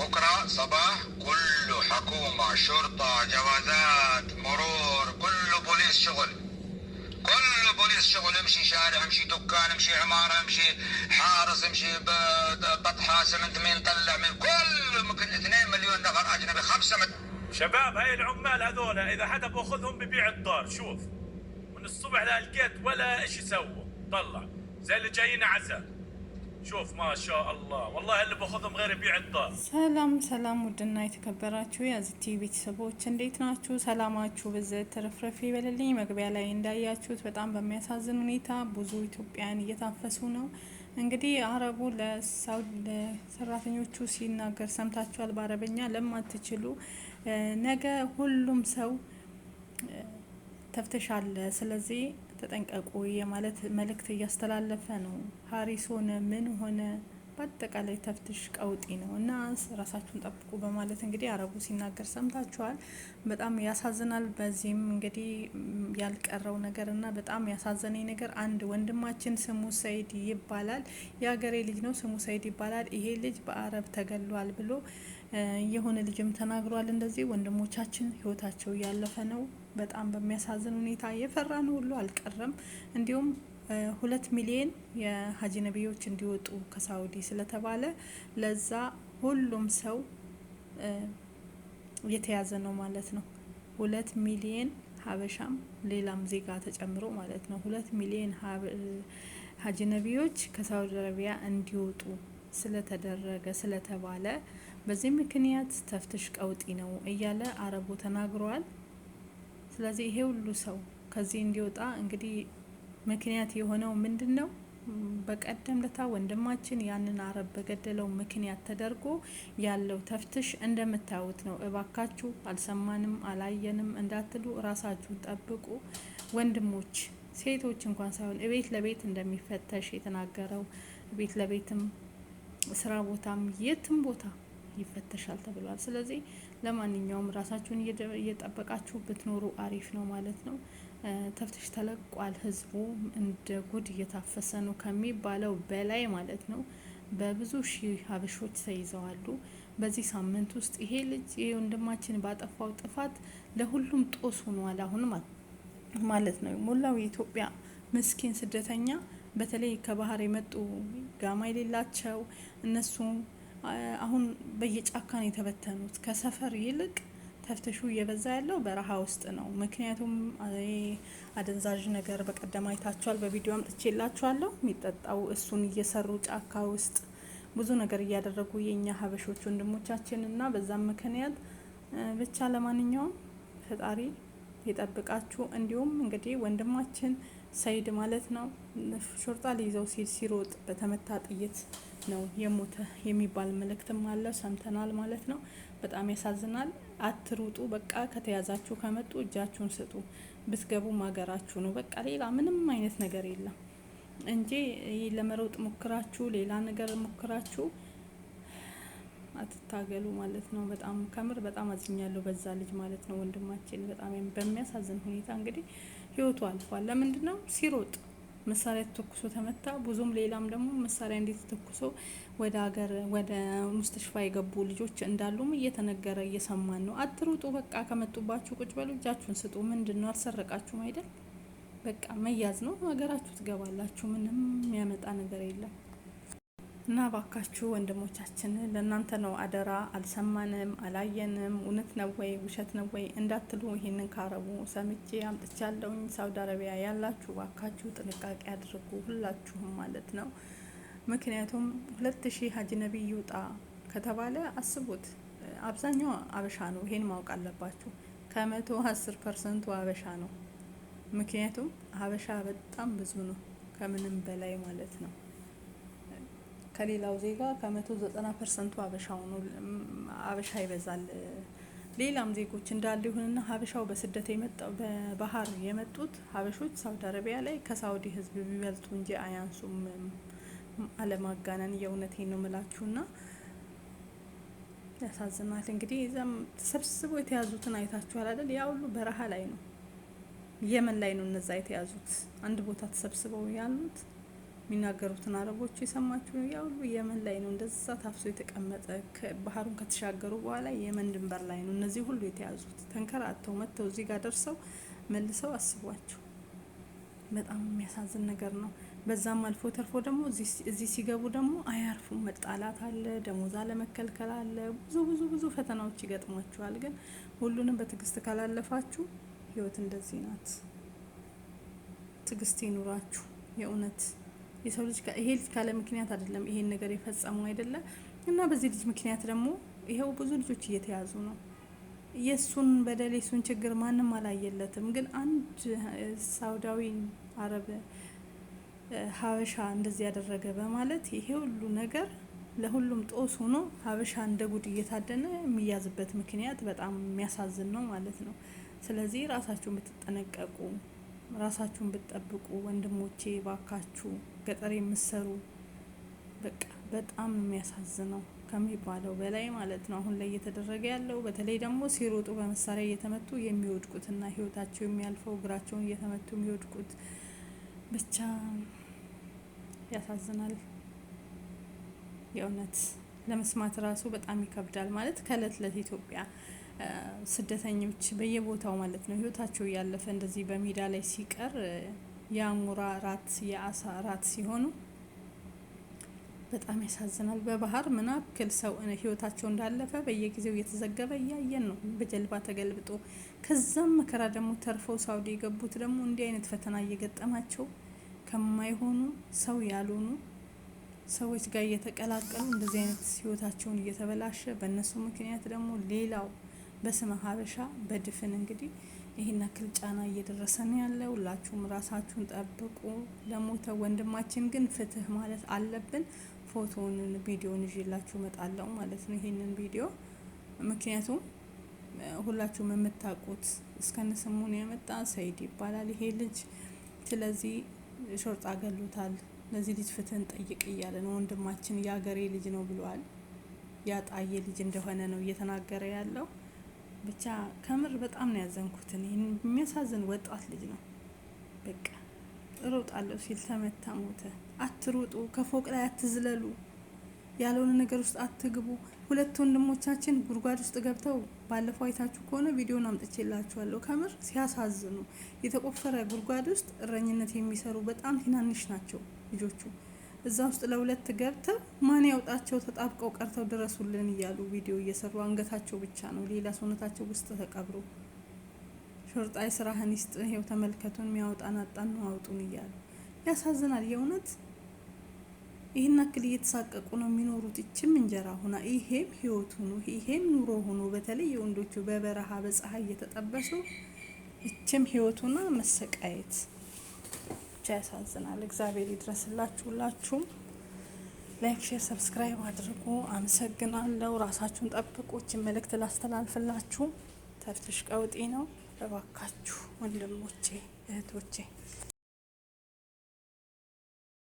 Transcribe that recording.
بكرة صباح كله حكومة شرطة جوازات مرور كله بوليس شغل كله بوليس شغل امشي شارع امشي دكان امشي عمارة امشي حارس امشي بطحة سمنت مين طلع من كل ممكن 2 مليون نفر اجنبي خمسة مت... شباب هاي العمال هذول اذا حدا باخذهم ببيع الدار شوف من الصبح لا لقيت ولا اشي سووا طلع زي اللي جايين عزاء ሾፍ ማሻ አላህ ወላሂ ያለ በኸም ገይር ቢዕጣ። ሰላም ሰላም፣ ውድና የተከበራችሁ የአዚቲ ቤተሰቦች እንዴት ናችሁ? ሰላማችሁ ብዝት ትርፍርፍ ይበልልኝ። መግቢያ ላይ እንዳያችሁት በጣም በሚያሳዝን ሁኔታ ብዙ ኢትዮጵያን እየታፈሱ ነው። እንግዲህ አረቡ ለሰራተኞቹ ሲናገር ሰምታችኋል። በአረበኛ ለማትችሉ ነገ ሁሉም ሰው ተፍተሻለ። ስለዚህ ተጠንቀቁ የማለት መልእክት እያስተላለፈ ነው። ሀሪስ ሆነ ምን ሆነ በአጠቃላይ ተፍትሽ ቀውጢ ነው እና ራሳችሁን ጠብቁ በማለት እንግዲህ አረቡ ሲናገር ሰምታችኋል። በጣም ያሳዝናል። በዚህም እንግዲህ ያልቀረው ነገር እና በጣም ያሳዘነኝ ነገር አንድ ወንድማችን ስሙ ሰይድ ይባላል፣ የሀገሬ ልጅ ነው። ስሙ ሰይድ ይባላል። ይሄ ልጅ በአረብ ተገሏል ብሎ የሆነ ልጅም ተናግሯል። እንደዚህ ወንድሞቻችን ህይወታቸው ያለፈ ነው። በጣም በሚያሳዝን ሁኔታ የፈራ ነው ሁሉ አልቀረም። እንዲሁም ሁለት ሚሊዮን የሀጂ ነቢዮች እንዲወጡ ከሳውዲ ስለተባለ ለዛ ሁሉም ሰው የተያዘ ነው ማለት ነው። ሁለት ሚሊዮን ሀበሻም ሌላም ዜጋ ተጨምሮ ማለት ነው። ሁለት ሚሊዮን ሀጂ ነቢዮች ከሳውዲ አረቢያ እንዲወጡ ስለተደረገ ስለተባለ በዚህ ምክንያት ተፍትሽ ቀውጢ ነው እያለ አረቡ ተናግሯል። ስለዚህ ይሄ ሁሉ ሰው ከዚህ እንዲወጣ እንግዲህ ምክንያት የሆነው ምንድን ነው? በቀደም ለታ ወንድማችን ያንን አረብ በገደለው ምክንያት ተደርጎ ያለው ተፍትሽ እንደምታዩት ነው። እባካችሁ አልሰማንም አላየንም እንዳትሉ ራሳችሁን ጠብቁ ወንድሞች፣ ሴቶች እንኳን ሳይሆን ቤት ለቤት እንደሚፈተሽ የተናገረው ቤት ለቤትም ስራ ቦታም የትም ቦታ ይፈተሻል ተብሏል። ስለዚህ ለማንኛውም ራሳችሁን እየጠበቃችሁ ብትኖሩ አሪፍ ነው ማለት ነው። ተፍትሽ ተለቋል። ህዝቡ እንደ ጉድ እየታፈሰ ነው ከሚባለው በላይ ማለት ነው። በብዙ ሺህ ሀበሾች ተይዘዋሉ። በዚህ ሳምንት ውስጥ ይሄ ልጅ ይሄ ወንድማችን ባጠፋው ጥፋት ለሁሉም ጦስ ሆኗል። አሁን ማለት ነው ሞላው የኢትዮጵያ ምስኪን ስደተኛ በተለይ ከባህር የመጡ ጋማ የሌላቸው እነሱ አሁን በየጫካን የተበተኑት ከሰፈር ይልቅ ተፍተሹ እየበዛ ያለው በረሃ ውስጥ ነው። ምክንያቱም አደንዛዥ ነገር በቀደም አይታችኋል፣ በቪዲዮ አምጥቼላችኋለሁ። የሚጠጣው እሱን እየሰሩ ጫካ ውስጥ ብዙ ነገር እያደረጉ የእኛ ሀበሾች ወንድሞቻችን እና በዛም ምክንያት ብቻ ለማንኛውም ፈጣሪ ይጠብቃችሁ። እንዲሁም እንግዲህ ወንድማችን ሰይድ ማለት ነው። ሾርጣ ሊይዘው ሲል ሲሮጥ በተመታ ጥይት ነው የሞተ የሚባል መልእክትም አለው ሰምተናል ማለት ነው። በጣም ያሳዝናል። አትሩጡ። በቃ ከተያዛችሁ ከመጡ እጃችሁን ስጡ። ብትገቡም ሀገራችሁ ነው። በቃ ሌላ ምንም አይነት ነገር የለም እንጂ ለመሮጥ ሞክራችሁ ሌላ ነገር ሞክራችሁ አትታገሉ ማለት ነው። በጣም ከምር በጣም አዝኛለሁ በዛ ልጅ ማለት ነው። ወንድማችን በጣም በሚያሳዝን ሁኔታ እንግዲህ ህይወቱ አልፏል። ለምንድን ነው ሲሮጥ መሳሪያ ተተኩሶ ተመታ። ብዙም ሌላም ደግሞ መሳሪያ እንዴት ተተኩሶ ወደ ሀገር ወደ ሙስተሽፋ የገቡ ልጆች እንዳሉም እየተነገረ እየሰማን ነው። አትሩጡ፣ በቃ ከመጡባችሁ ቁጭ በሉ፣ እጃችሁን ስጡ። ምንድን ነው አልሰረቃችሁም አይደል? በቃ መያዝ ነው። ሀገራችሁ ትገባላችሁ። ምንም የሚያመጣ ነገር የለም። እና ባካችሁ ወንድሞቻችን ለእናንተ ነው አደራ። አልሰማንም፣ አላየንም፣ እውነት ነው ወይ ውሸት ነው ወይ እንዳትሉ ይህንን ካረቡ ሰምቼ አምጥቻለሁኝ። ሳውዲ አረቢያ ያላችሁ ባካችሁ ጥንቃቄ አድርጉ፣ ሁላችሁም ማለት ነው። ምክንያቱም ሁለት ሺህ ሀጅ ነቢይ ይውጣ ከተባለ አስቡት፣ አብዛኛው አበሻ ነው። ይሄን ማወቅ አለባችሁ። ከመቶ አስር ፐርሰንቱ አበሻ ነው። ምክንያቱም አበሻ በጣም ብዙ ነው ከምንም በላይ ማለት ነው። ከሌላው ዜጋ ከመቶ ዘጠና ፐርሰንቱ ሀበሻው ነው። ይበዛል። ሌላም ዜጎች እንዳሉ ይሁንና ሀበሻው በስደት የመጣው በባህር የመጡት ሀበሾች ሳውዲ አረቢያ ላይ ከሳውዲ ህዝብ ቢበልጡ እንጂ አያንሱም። አለማጋነን የእውነቴ ነው ምላችሁና ያሳዝናል። እንግዲህ እዛም ተሰብስቦ የተያዙትን አይታችኋል አይደል? ያ ሁሉ በረሃ ላይ ነው፣ የመን ላይ ነው እነዛ የተያዙት አንድ ቦታ ተሰብስበው ያሉት። የሚናገሩትን አረቦች የሰማችሁ ያ ሁሉ የመን ላይ ነው እንደዛ ታፍሶ የተቀመጠ። ባህሩን ከተሻገሩ በኋላ የመን ድንበር ላይ ነው እነዚህ ሁሉ የተያዙት። ተንከራተው መጥተው እዚህ ጋር ደርሰው መልሰው አስቧቸው። በጣም የሚያሳዝን ነገር ነው። በዛም አልፎ ተርፎ ደግሞ እዚህ ሲገቡ ደግሞ አያርፉም። መጣላት አለ፣ ደሞዛ ለመከልከል አለ፣ ብዙ ብዙ ብዙ ፈተናዎች ይገጥሟችኋል። ግን ሁሉንም በትዕግስት ካላለፋችሁ ህይወት እንደዚህ ናት። ትዕግስት ይኑራችሁ የእውነት የሰው ልጅ ይሄ ልጅ ካለ ምክንያት አይደለም ይሄን ነገር የፈጸመው አይደለም። እና በዚህ ልጅ ምክንያት ደግሞ ይኸው ብዙ ልጆች እየተያዙ ነው። የእሱን በደል የእሱን ችግር ማንም አላየለትም። ግን አንድ ሳውዳዊ አረብ ሀበሻ እንደዚህ ያደረገ በማለት ይሄ ሁሉ ነገር ለሁሉም ጦስ ሆኖ ሀበሻ እንደ ጉድ እየታደነ የሚያዝበት ምክንያት በጣም የሚያሳዝን ነው ማለት ነው። ስለዚህ ራሳችሁን ብትጠነቀቁ ራሳችሁን ብትጠብቁ ወንድሞቼ ባካችሁ፣ ገጠር የምትሰሩ በቃ በጣም የሚያሳዝነው ከሚባለው በላይ ማለት ነው። አሁን ላይ እየተደረገ ያለው በተለይ ደግሞ ሲሮጡ በመሳሪያ እየተመቱ የሚወድቁትና ህይወታቸው የሚያልፈው እግራቸውን እየተመቱ የሚወድቁት ብቻ ያሳዝናል። የእውነት ለመስማት ራሱ በጣም ይከብዳል ማለት ከእለት ለት ኢትዮጵያ ስደተኞች በየቦታው ማለት ነው ህይወታቸው እያለፈ እንደዚህ በሜዳ ላይ ሲቀር የአሞራ ራት የአሳ ራት ሲሆኑ በጣም ያሳዝናል። በባህር ምናክል ሰው ህይወታቸው እንዳለፈ በየጊዜው እየተዘገበ እያየን ነው። በጀልባ ተገልብጦ ከዛም መከራ ደግሞ ተርፈው ሳውዲ የገቡት ደግሞ እንዲህ አይነት ፈተና እየገጠማቸው ከማይሆኑ ሰው ያልሆኑ ሰዎች ጋር እየተቀላቀሉ እንደዚህ አይነት ህይወታቸውን እየተበላሸ በእነሱ ምክንያት ደግሞ ሌላው በስመ ሀበሻ በድፍን እንግዲህ ይህን ያክል ጫና እየደረሰን ያለ ሁላችሁም ራሳችሁን ጠብቁ። ለሞተ ወንድማችን ግን ፍትህ ማለት አለብን። ፎቶውን ቪዲዮን ይዤላችሁ መጣለው ማለት ነው ይሄንን ቪዲዮ ምክንያቱም ሁላችሁም የምታውቁት እስከነ ስሙን ያመጣ ሰይድ ይባላል ይሄ ልጅ። ስለዚህ ሾርጣ ገሎታል። ለዚህ ልጅ ፍትህን ጠይቅ እያለ ነው ወንድማችን። የአገሬ ልጅ ነው ብለዋል። ያጣየ ልጅ እንደሆነ ነው እየተናገረ ያለው። ብቻ ከምር በጣም ነው ያዘንኩትን። የሚያሳዝን ወጣት ልጅ ነው። በቃ እሮጣለሁ ሲል ተመታ፣ ሞተ። አትሩጡ፣ ከፎቅ ላይ አትዝለሉ፣ ያልሆነ ነገር ውስጥ አትግቡ። ሁለት ወንድሞቻችን ጉድጓድ ውስጥ ገብተው ባለፈው አይታችሁ ከሆነ ቪዲዮን አምጥቼላችኋለሁ። ከምር ሲያሳዝኑ የተቆፈረ ጉድጓድ ውስጥ እረኝነት የሚሰሩ በጣም ትናንሽ ናቸው ልጆቹ። እዛ ውስጥ ለሁለት ገብተው ማን ያውጣቸው ተጣብቀው ቀርተው ድረሱልን እያሉ ቪዲዮ እየሰሩ አንገታቸው ብቻ ነው፣ ሌላ ሰውነታቸው ውስጥ ተቀብሮ ሾርጣይ ስራህን ይስጥ፣ ይኸው ተመልከቱን፣ የሚያወጣን አጣን ነው አውጡን እያሉ ያሳዝናል። የእውነት ይህን አክል እየተሳቀቁ ነው የሚኖሩት። ይችም እንጀራ ሆና ይሄም ህይወት ሆኖ ይሄም ኑሮ ሆኖ በተለይ የወንዶቹ በበረሃ በፀሀይ እየተጠበሱ ይችም ህይወት ሆና መሰቃየት ብቻ ያሳዝናል። እግዚአብሔር ይድረስላችሁ። ሁላችሁም ላይክ፣ ሼር፣ ሰብስክራይብ አድርጉ። አመሰግናለሁ። ራሳችሁን ጠብቆችን መልእክት ላስተላልፍላችሁ ተፍትሽ ቀውጢ ነው። እባካችሁ ወንድሞቼ እህቶቼ